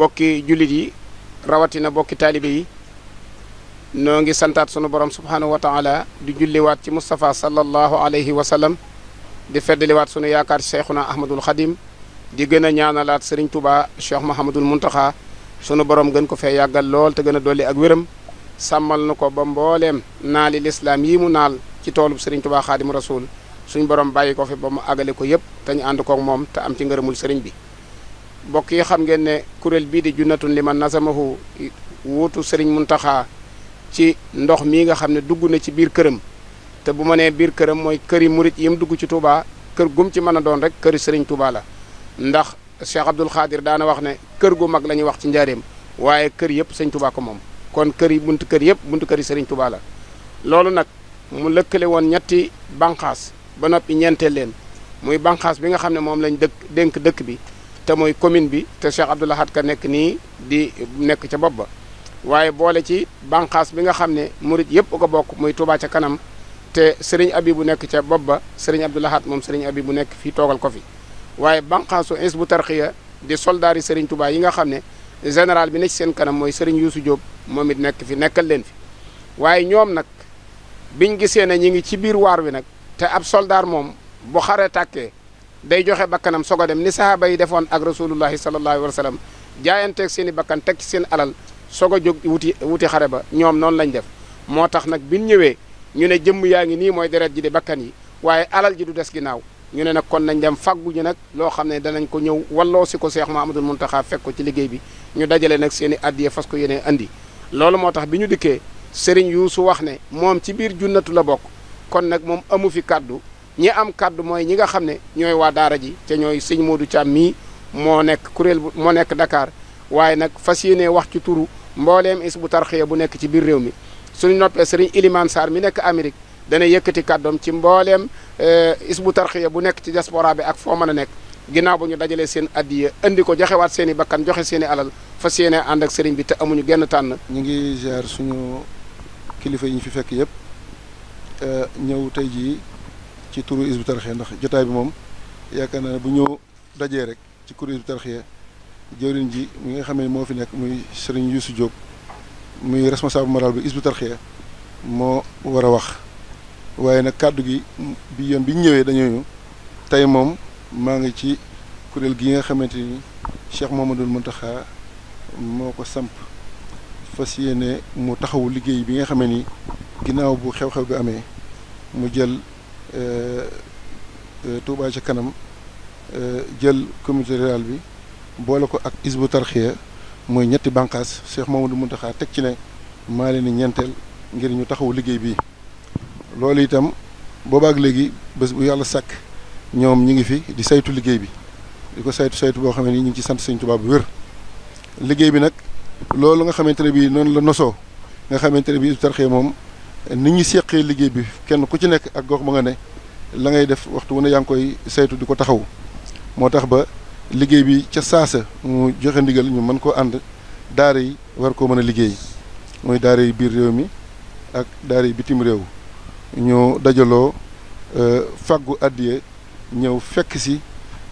bokki jullit yi rawatina bokki taalibe yi noo ngi santaat sunu borom subhaanahu wa taala di julliwaat ci Moustapha sallallahu alayhi wa sallam di feddaliwaat sunu yaakaar Cheikhuna Ahmadul Xadim di gën a ñaanalaat Serigne tubaa Cheikh Mahamadul Muntaxa sunu borom gën ko fee yàggal lool te gën a dolli ak wéram sàmmal na ko ba mbooleem naali lislaam yii mu naal ci toolub Serigne Touba Xaadimu Rasuul suñ borom bàyyi ko fi ba mu àggale ko yëpp tañu ànd koog moom te am ci ngërëmul sëriñ bi mbokk yi xam ngeen ne kuréel bii di junnatun liman nasamahu wuutu sëriñ Muntaxa ci ndox mii nga xam ne dugg na ci biir këram te bu ma nee biir këram mooy këri murit yi mu dugg ci Touba kër gum ci mën a doon rek këri sëriñ Touba la ndax Cheikh Abdoul Khadir daane wax ne kër gu mag la ñuy wax ci njaareem waaye kër yëpp sëñ Touba ko moom kon kër yi bunt kër yëpp bunt kër yi sëriñ loolu nag mu lëkkale woon ñetti bànqaas ba noppi ñeenteel leen muy banqaas bi nga xam ne moom lañ dëkk dénk dëkk bi te mooy commune bi te Cheikh Abdou Ka nekk nii di nekk ca bopp ba waaye boole ci banqaas bi nga xam ne murit yëpp ko bokk muy Touba ca kanam te abi bu nekk ca bopp ba Serigne Abdou Lahad moom Serigne bu nekk fii toogal ko fi waaye banqaasu bu Tarqiyyah di soldaar yi Serigne Touba yi nga xam ne général bi ne ci seen kanam mooy Serigne Youssou jóob moom it nekk fi nekkal leen fi waaye ñoom nag biñ gisee ne ñi ngi ci biir waar wi nag. te ab soldaar moom bu xare tàkkee day joxe bakkanam soog a dem ni sahaaba yi defoon ak rasulullahi sallallahu alayhi wa sallam jaayanteeg seen i bakkan teg ci seen alal soog a jóg wuti wuti xare ba ñoom noonu lañ def moo tax nag bi ñu ñëwee ñu ne jëmm yaa ngi nii mooy deret ji di bakkan yi waaye alal ji du des ginnaaw ñu ne nag kon nañ dem faggu nag loo xam ne danañ ko ñëw walloo si ko Seex mun taxaa fekk ko ci liggéey bi ñu dajale nag seeni i addiya fas ko yéene andi loolu moo tax bi ñu dikkee Sëriñ Yuusu wax ne moom ci biir junnatu la bokk kon nag moom amu fi kàddu ñi am kàddu mooy ñi nga xam ne ñooy waa daara ji te ñooy sëñ Modou Thiam mii moo nekk kuréel bu moo nekk Dakar waaye nag fas yéenee wax ci turu mbooleem is bu tarxiya bu nekk ci biir réew mi suñu noppee sëriñ Iliman Sarr mi Amérique dana yëkkati kàddoom ci mbooleem eh, is bu tarxiya bu nekk ci diaspora bi ak foo mën a nekk ginnaaw bu ñu dajalee seen addiya indi ko joxewaat seen i bakkan joxe seen i alal fas yéenee ànd ak seriñ bi te amuñu genn tànn. ñu ngi ziar suñu kilifa yi ñu fi fekk yëpp. Euh, ñëw tey jii ci turu Hizbut Tarqiyyah ndax jotaay bi moom yaakaar naa ne bu ñëw dajee rek ci kuréel Hizbut Tarqiyyah jëwriñ ji mi nga xam ne moo fi nekk muy Serigne Youssou jóg muy responsable moral bi Hizbut Tarqiyyah moo war a wax waaye nag kàddu gi bi yoon ñëwee dañoo tey moom maa ngi ci kuréel gi nga xamante ni Cheikh Mouhamadoul Mountakha moo ko samp fas yéene mu taxawu liggéey bi nga xam ne ni ginnaaw bu xew-xew bi amee mu jël euh, euh, Touba ci kanam euh, jël comité rural bi boole ko ak isbu tarxiya mooy ñetti bànqaas Cheikh mun Mountakha teg ci ne maa leen ñeenteel ngir ñu taxawu liggéey bi loolu itam boobaak léegi bés bu yàlla sàkk ñoom ñu ngi fi di saytu liggéey bi di ko saytu saytu boo xam ne ni ñu ngi ci sant Sëñ Tuubaa bu wér liggéey bi nag loolu nga xamante ne bii noonu la nosoo nga xamante ne bii isbu tarxiya moom ni ñu seqee liggéey bi kenn ku ci nekk ak gox ma nga ne la ngay def waxtu wu ne yaa ngi koy saytu di ko taxaw moo tax ba liggéey bi ca saasa mu joxe ndigal ñu mën ko ànd daara yi war koo mën a liggéey muy daara yi biir réew mi ak daara yi bitim réew ñu dajaloo euh, fàggu àddiye ñëw fekk si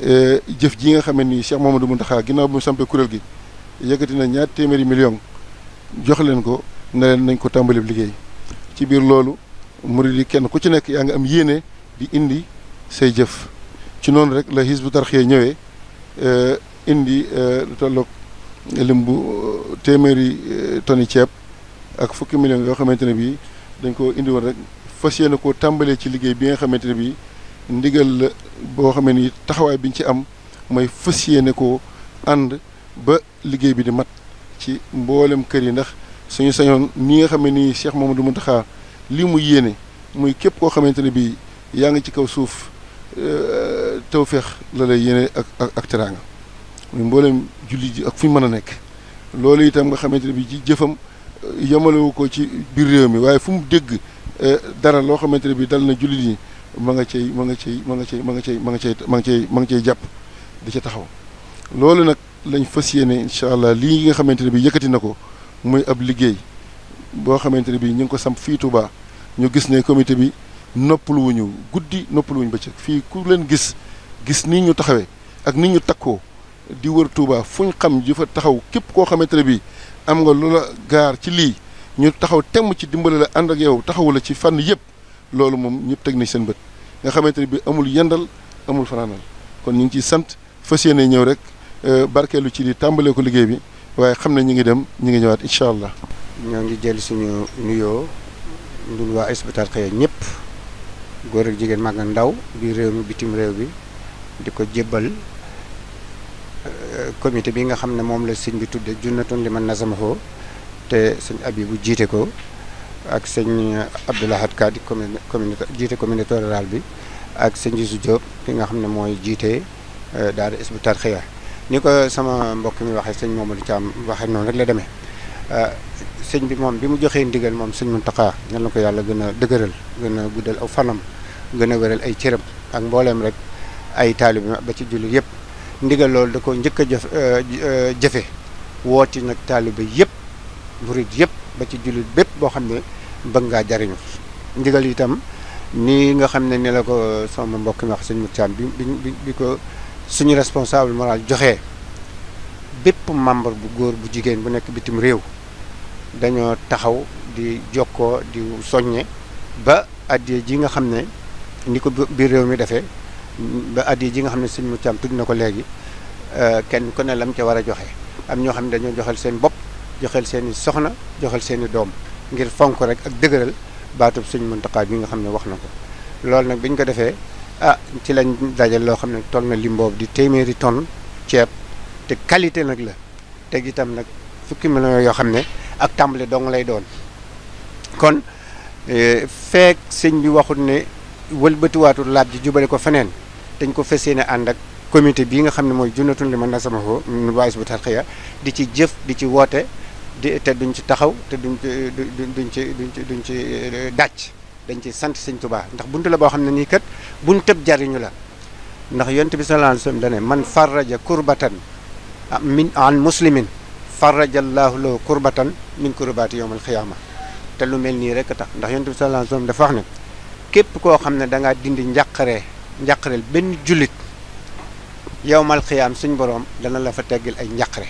euh, jëf ji nga xam ne moom Cheikh Mouhamadou Mountakha ginnaaw bi mu sampee kuréel gi yëkkati na ñaar téeméeri million jox leen ko ne nañ ko tàmbali liggéey. ci biir loolu murid yi kenn ku ci nekk yaa ngi am yéene di indi say jëf ci noonu rek la Hizbut Tarqiyyah ñëwee eh, indi eh, lu tolloog lim bu eh, téeméeri toni ceeb ak fukki millions yoo xamante ne bii dañ ko indi woon rek fas yéene ko tàmbalee ci liggéey bi nga xamante ne bii ndigal la boo xamee ni taxawaay bi ci am mooy fas yéene ko ànd ba liggéey bi di mat ci mboolem kër yi ndax. suñu sañoon ni nga xam ne nii Cheikh Mamadou Mountakha lii mu yéene muy képp koo xamante ne bii yaa ngi ci kaw suuf euh, tawféex la lay yéene ak ak ak teraanga muy mboolem julli ji ak fu mu mën a nekk loolu itam nga xamante ne bii ci jëfam euh, yemalewu ko ci biir réew mi waaye fu mu dégg euh, dara loo xamante ne bii dal na jullit yi ma nga cay ma nga cay ma nga cay ma nga cay ma nga cay ma nga cay ma nga cay jàpp di ca taxaw loolu nag lañ fas yéene incha allah lii nga xamante ne bii yëkkati na ko. muy ab liggéey boo xamante ne bii ñu ngi ko samp fii Touba ñu gis ne comité bi noppaluwuñu guddi noppaluwuñu bëccëg fii ku leen gis gis nii ñu taxawee ak ni ñu takkoo di wër Touba fuñ xam ji fa taxaw képp koo xamante ne bii am nga loola gaar ci lii ñu taxaw temm ci dimbali la ànd ak yow taxawu la ci fànn yëpp loolu moom ñëpp teg nañ seen bët nga xamante ne bii amul yendal amul fanaanal kon ñu ngi ciy sant fas yéene ñëw rek euh, barkeelu ci li tàmbalee ko liggéey bi. waaye xam ne ñu ngi dem ñu ngi ñëwaat incha allah. ñoo ngi jël suñu nuyoo ñun waa Hizbut Tarqiyyah ñëpp góor ak jigéen mag ak ndaw bi réew mi bitim réew bi di ko jébbal euh, comité bi nga xam ne moom la sëñ bi tudde junnatun liman nazamahu te sëñ bu jiite ko ak sëñ Abdou Lahad Ka di jiite communauté rurale bi ak sëñ Youssou Diop ki nga xam ne mooy jiite euh, daara Hizbut Tarqiyyah ni ko sama mbokk mi waxee sëñ moom Mamadou Thiam waxee noonu rek la demee eh, sëñ bi moom bi mu joxee ndigal moom sëñ Mountakha ñan na ko yàlla gën a dëgëral gën a guddal aw fanam gën a wéral ay cëram ak mbooleem rek ay taalibi ba ci jullit yëpp ndigal loolu da ko njëkk a jëf eh, eh, jëfe wooti nag taaliba yëpp murid yëpp ba ci jullit bépp boo xam ne bëgg ngaa jariñu ndigal itam ni nga xam ne ni la ko sama mbokk mi wax sëñ Mountakha bi bi bi ko suñu responsable moral joxe bépp membre bu góor bu jigéen bu nekk bitim réew dañoo taxaw di jokkoo di soññe ba addiye ji nga xam ne ni ko biir réew mi defee ba addiye ji nga xam ne sëñ mu caam tudd na ko léegi euh, kenn ku ne lam ca war a joxe am ñoo xam ne dañoo joxel seen bopp joxel seen i soxna joxel seen i doom ngir fonk rek ak dëgëral baatub sëñ Muntaxa bi nga xam ne wax na ko loolu nag biñ ko defee ah ci lañ dajal loo xam ne toll na li boobu di téeméeri ton ceeb te qualité nag la te itam nag fukki millions yoo xam ne ak tàmbali dong lay doon kon eh, feek sëñ bi waxut ne wëlbatiwaatul laaj ji jubale ko feneen dañ ko fas yéene ànd ak comité bii nga xam ne mooy junnatul li ma na sama ko waa Hizbut Tarqiyyah di ci jëf di ci woote di te duñ ci taxaw te duñ ci duñ ci duñ ci duñ ci eh, dàcc dañ ci sant sëñ tubaa ndax buntu la boo xam ne nii kat buñ tëb jariñu la ndax yonent bi sallallahu alayhi wasallam dane man farraja kurbatan min an muslimin farraja allahu lahu kurbatan min kurbaati yawmal xiyaama te lu mel nii rek tax ndax yont bi sallallahu alayhi wasallam dafa wax ne képp koo xam ne da ngaa dindi njàqare njàqareel benn jullit yawmal xiyaam suñ borom dana la fa teggil ay njàqare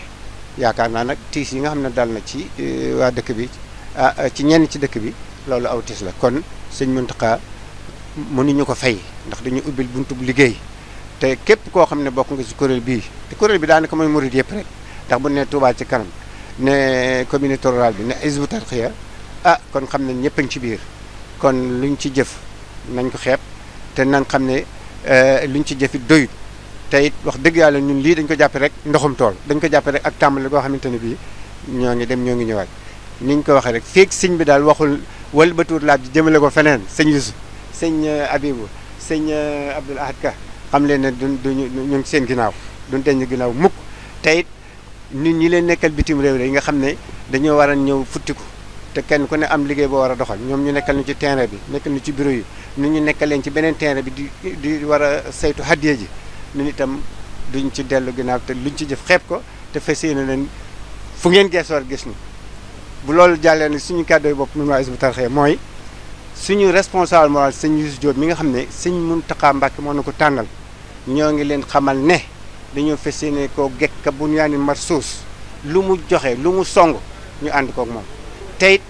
yaakaar naa nag tiis yi nga xam ne daal na ci eh, waa dëkk bi ah, ci ñenn ci dëkk bi loolu aw tiis la kon sëñ Mountakha ñu ko fay ndax dañu bunt bu liggéey te képp koo xam ne bokk nga ci kuréel bii te kuréel bi daal daanaka mooy murid yëpp rek ndax bu ne Touba ci kanam ne communauté rurale bi ne Hizbut Tarqiyyah ah kon xam ne ñëpp a ngi ci biir kon luñ ci jëf nañ ko xeeb te nan xam ne euh, luñ ci jëf it doyut te it wax dëgg yàlla ñun lii dañ ko jàppe rek ndoxum tool dañ ko jàppe rek ak tàmbali boo xamante ne bii ñoo ngi dem ñoo ngi ñëwaat niñ ko waxee rek wëlbatiwut laaj bi jëmale ko feneen sëñ Yusu sëñ euh, Abibu sëñ euh, Abdul Ahad Ka xam leen ne duñ duñu ñu seen ginnaaw duñ teñ ñu ginnaaw mukk te it nit ñi leen nekkal bitim réew yi nga xam ne dañoo war a ñëw ko te kenn ku ne am liggéey boo war a doxal ñoom ñu nekkal ñu ci terrain bi nekkal ñu ci bureau yi nu ñu nekkal leen ci beneen terrain bi di di war a saytu hadiya ji ñun itam duñ ci dellu ginnaaw te luñ ci jëf xeeb ko te fas yéene leen fu ngeen gees war gis ni bu loolu jàllee ne suñu kàddooy bopp ñun waa Hizbut Tarqiyyah mooy suñu responsable sëñ Youssou mi nga xam ne sëñ Mountakha Mbacké moo na ko tànnal ñoo ngi leen xamal ne dañoo fas yéene koo gekk bu ñu yaani marsuus lu mu joxe lu mu song ñu ànd kook moom tey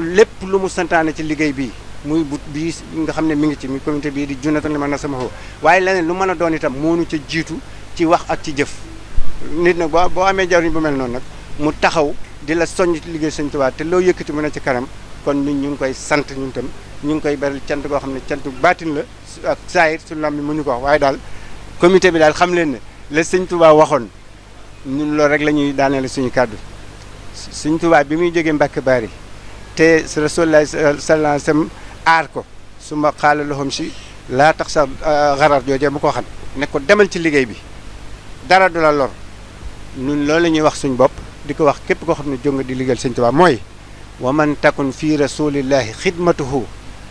lépp lu mu santaane ci liggéey bii muy bu bii nga xam ne mi ngi ci mi comité bii di junatan li ma na sama xoo waaye leneen lu mën a doon itam moonu ca jiitu ci wax ak ci jëf nit nag boo boo amee jawriñ bu mel noonu nag mu taxaw di la soññ liggéey Sëñ Tuubaa te loo yëkkati mën a ci kanam kon ñun ñu ngi koy sant ñun tam ñu ngi koy beral cant koo xam ne cantu baatin la ak saayir suñu lam bi mënuñu waaye daal comité bi daal xam leen ne la Sëñ waxoon ñun lool rek la ñuy daaneele suñu kàddu Sëñ Tuubaa bi muy jógee mbakk Baari te Rasulullah sallallahu alayhi aar ko su ma xaala loxoom si laa tax sa euh, xarar joojee mu ko xam ne ko demal ci liggéey bi dara du la lor ñun loolu la ñuy wax suñu bopp di ko wax képp koo xam ne jóg nga di liggéeyal sëñ Tuubaa mooy wa man takun fi rasulillahi xidmatuhu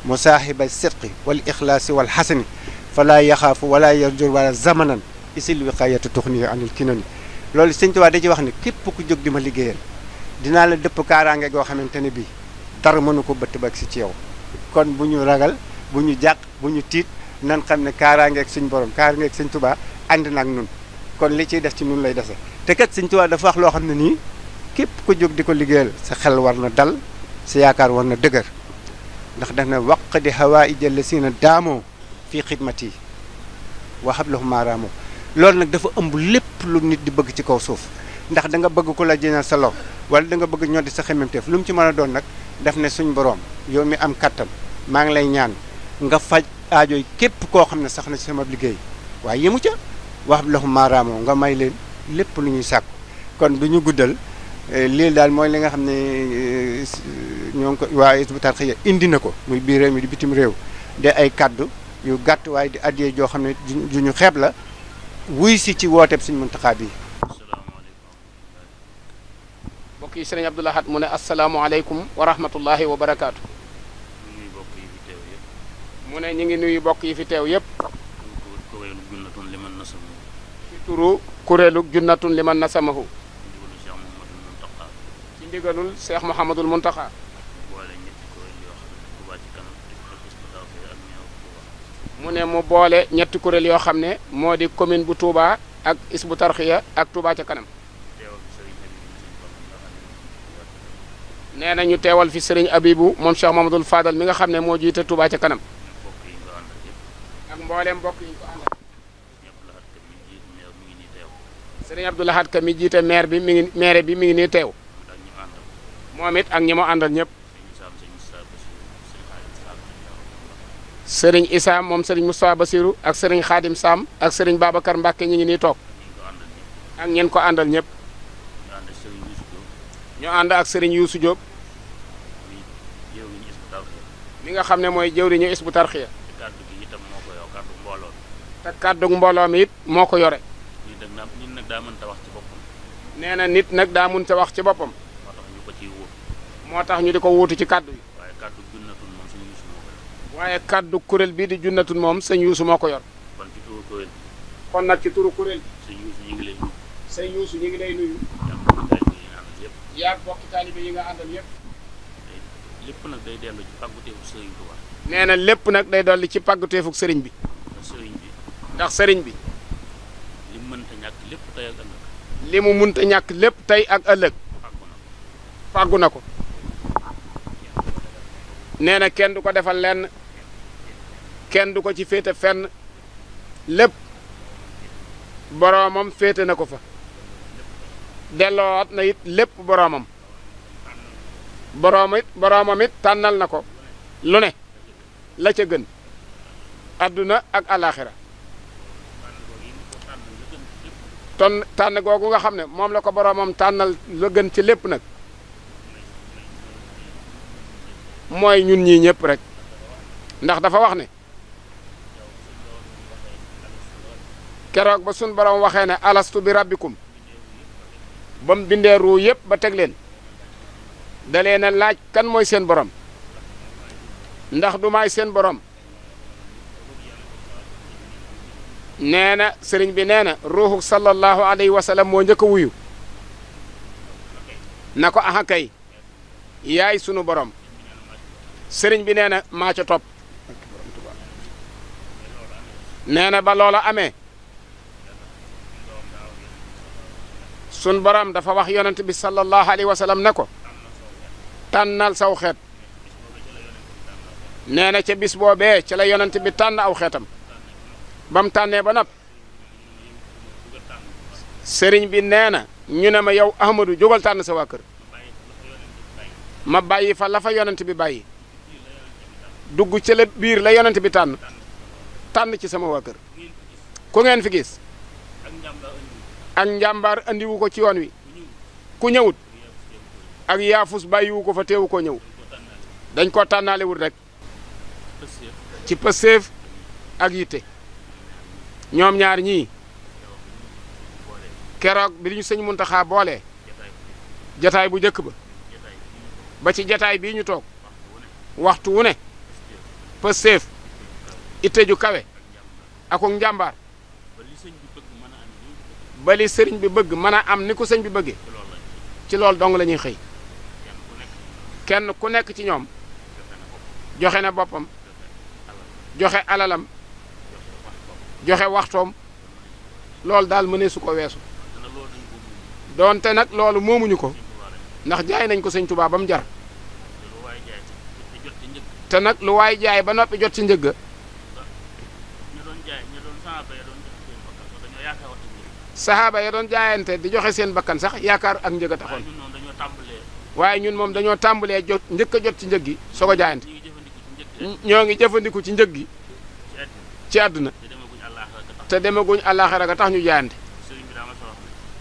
musaahiba sidqi wal ixlaasi wal xasani falaa yaxaafu wala yarjur wala zamanan isil wiqayatu tuxni anil kinani loolu sëñ Tuubaa da ci wax ne képp ku jóg di ma liggéeyal dinaa la dëpp kaaraange goo xamante ne bii dara mënu ko bëtt ba si ci yow kon bu ñu ragal bu ñu jàq bu ñu tiit nan xam ne kaaraangeeg suñ borom kaaraangeeg sëñ Tuubaa ànd na ak nun kon li ciy def ci nun lay dese te kat Sëñ Tuubaa dafa wax loo xam ne nii képp ku jóg di ko liggéeyal sa xel war na dal sa yaakaar war na dëgër ndax daf na waq di hawaa ijal si na daamoo fii xidmat yi waxab lahum maaraamoo loolu nag dafa ëmb lépp lu nit di bëgg ci kaw suuf ndax da nga bëgg ku la jëñal sa loxo wala da nga bëgg ñoddi sa xememteef lu mu ci mën a doon nag daf ne boroom yow mi am kattan maa ngi lay ñaan nga faj aajooy képp koo xam ne sax na ci sama liggéey waaye yemu ca waxab lahum maaraamoo nga may leen lépp lu ñuy sàkku kon du ñu guddal eh, lii daal mooy li nga xam ne eh, ñoo ngi ko waa Hizbut Tarqiyyah indi na ko muy biir réew mi di bitim réew de ay kàddu yu gàtt waaye di addiyee joo xam ne ju ñu xeeb la wuy si ci wooteeb Sëriñ Muntaxa bi mbokk yi Sëriñ mu ne asalaamualeykum wa rahmatullahi wa mu ne ñu ngi nuyu bokk yi fi teew yëpp. ci turu. kuréelu junnatun liman nasamahu ci ndigalul Cheikh Mouhamadul Muntaxa mu ne mu boole ñetti kuréel yoo xam ne moo di commune bu Touba ak Isbu Tarxiya ak Touba ca kanam nee na ñu teewal fi Serigne Abibu moom Cheikh Mamadou Fadal mi nga xam ne moo jiite Touba ca kanam ak mboolem mbokk sëriñ Abdou Ka mi jiite maire bi mi ngi maire bi mi ngi nii teew moom it ak ñi mu àndal ñëpp sëriñ Issa moom sëriñ Moustapha Bassirou ak sëriñ Khadim Sam ak sëriñ Babacar Mbacke ñi ngi nii toog ak ñeen ko àndal ñëpp ñu ànd ak sëriñ Youssou Diop mi nga xam ne mooy jëwriñu Hizbut Tarqiyyah te moo ko yore daa mënta wax ci boppam. nee na nit nag daa ta wax ci boppam. moo tax ñu tax ñu di ko wóotu ci kàddu yi. waaye kàddu junnatun kuréel bii di junnatun moom sëñ Yuusu moo ko yor. kon kon nag ci turu kuréel. sëñ Yuusu ñu ngi lay nuyu. sëñ Yuusu ñu ngi lay nuyu. yaa bokki taalibe yi nga àndal lépp nag day dellu ci pàgguteefu sëriñ sëriñ bi. sëriñ bi. ndax sëriñ bi. li mu munta ñàkk lépp tey ak ëllëg. fàggu na ko. nee na kenn du ko defal lenn kenn du ko ci féete fenn lépp boromam féete na ko fa delloowaat na it lépp boroomam boroom it tànnal na ko lu ne la ca gën adduna ak alaxira ton tànn googu nga xam ne moom la ko boroomam tànnal la gën ci lépp nag mooy ñun ñii ñëpp rek ndax dafa wax ne keroog ba sun borom waxee ne alastu bi rabbikum ba mu bindee ruu ba teg leen da leen a laaj kan mooy seen boroom ndax du seen boroom nee na sëriñ bi nee na ruuxu sallallahu alayhi wa sallam moo njëkk a wuyu na ko axa yaay sunu borom sëriñ bi nee na maa ca topp nee na ba loola amee sun borom dafa wax yonent bi sallallahu alayhi wa sallam na ko tànnal saw xeet nee na ca bis boobee ca la yonent bi tànn aw xeetam ba tànnee ba noppi sëriñ bi nee na ñu ne ma yow Ahmadou jógal tànn sa waa ma bàyyi fa la fa yonent bi bàyyi dugg ci biir la yonent bi tànn tànn ci sama waa kër ku ngeen fi gis ak njàmbaar andiwu ko ci yoon wi ku ñëwut ak yaafus bàyyiwu ko fa teewu koo ñëw dañ ko tànnaalewul rek ci pëseef ak yitte ñoom ñaar ñii keroog bi ñu sëñ Muntaxa boole jataay bu njëkk ba ba ci jataay bii ñu toog waxtu wu ne pësteef itte ju kawe ak njàmbaar ba sëriñ bi bëgg mën a am ni ko sëñ bi bëggee ci loolu dong la ñuy xëy kenn ku nekk ci ñoom joxe na boppam joxe alalam joxe waxtoom loolu daal mënee su ko weesu doonte nag loolu moomuñu ko ndax jaay nañ ko sëñ Tuubaa ba mu jar te nag lu waay jaay ba noppi jot ci njëgg saxaaba ya doon jaayante di joxe seen bakkan sax yaakaar ak njëg a taxoon waaye ñun moom dañoo tàmbalee jot njëkka jot ci njëg gi soo ko jaayante ñoo ngi jëfandiku ci njëg gi ci àdduna te demaguñ àllaaxira ga tax ñu jaayante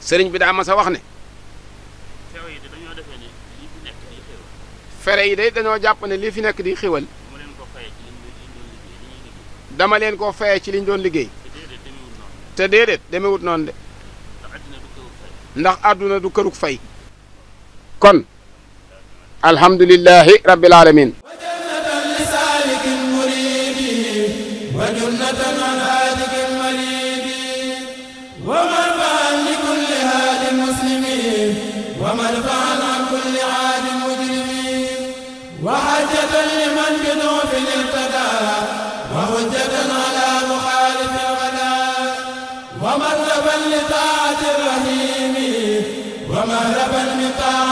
sëriñ bi daa mas wax ne fere yi day dañoo jàpp ne li fi nekk di xéwal dama leen ko faye ci liñ doon liggéey te déedéet demewut noonu de ndax àdduna du këruk fay kon alhamdulillahi rabbil alamin ta